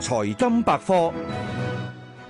財金百科。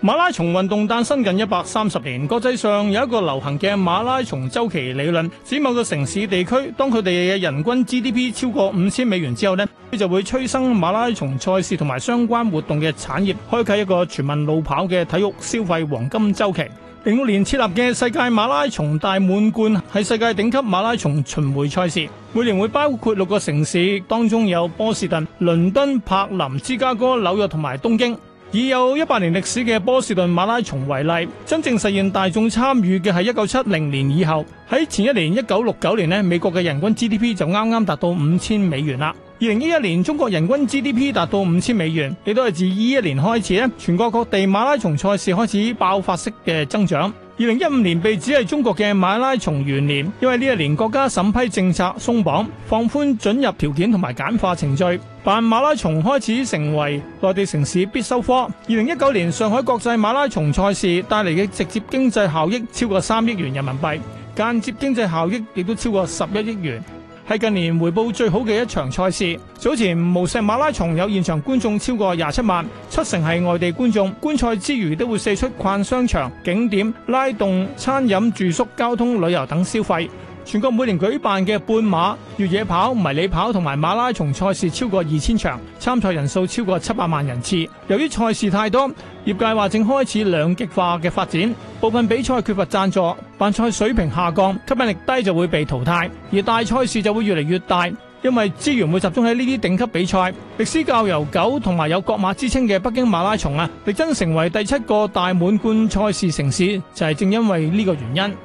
馬拉松運動誕生近一百三十年，國際上有一個流行嘅馬拉松周期理論，指某個城市地區，當佢哋嘅人均 GDP 超過五千美元之後呢，佢就會催生馬拉松賽事同埋相關活動嘅產業，開啟一個全民路跑嘅體育消費黃金周期。零六年設立嘅世界馬拉松大滿貫係世界頂級馬拉松巡迴賽事，每年會包括六個城市，當中有波士頓、倫敦、柏林、芝加哥、紐約同埋東京。以有一百年歷史嘅波士頓馬拉松為例，真正實現大眾參與嘅係一九七零年以後。喺前一年一九六九年呢，美國嘅人均 GDP 就啱啱達到五千美元啦。二零一一年，中國人均 GDP 達到五千美元，亦都係自二一年開始咧，全國各地馬拉松賽事開始爆發式嘅增長。二零一五年被指係中國嘅馬拉松元年，因為呢一年國家審批政策鬆綁，放寬准入條件同埋簡化程序，辦馬拉松開始成為內地城市必修科。二零一九年上海國際馬拉松賽事帶嚟嘅直接經濟效益超過三億元人民幣，間接經濟效益亦都超過十一億元。係近年回報最好嘅一場賽事。早前無錫馬拉松有現場觀眾超過廿七萬，七成係外地觀眾。觀賽之餘都會四出逛商場、景點，拉動餐飲、住宿、交通、旅遊等消費。全國每年舉辦嘅半馬、越野跑、迷你跑同埋馬拉松賽事超過二千場，參賽人數超過七百萬人次。由於賽事太多，業界話正開始兩極化嘅發展，部分比賽缺乏讚助，辦賽水平下降，吸引力低就會被淘汰，而大賽事就會越嚟越大，因為資源會集中喺呢啲頂級比賽。歷史較悠久同埋有國馬之稱嘅北京馬拉松啊，力爭成為第七個大滿貫賽事城市，就係、是、正因為呢個原因。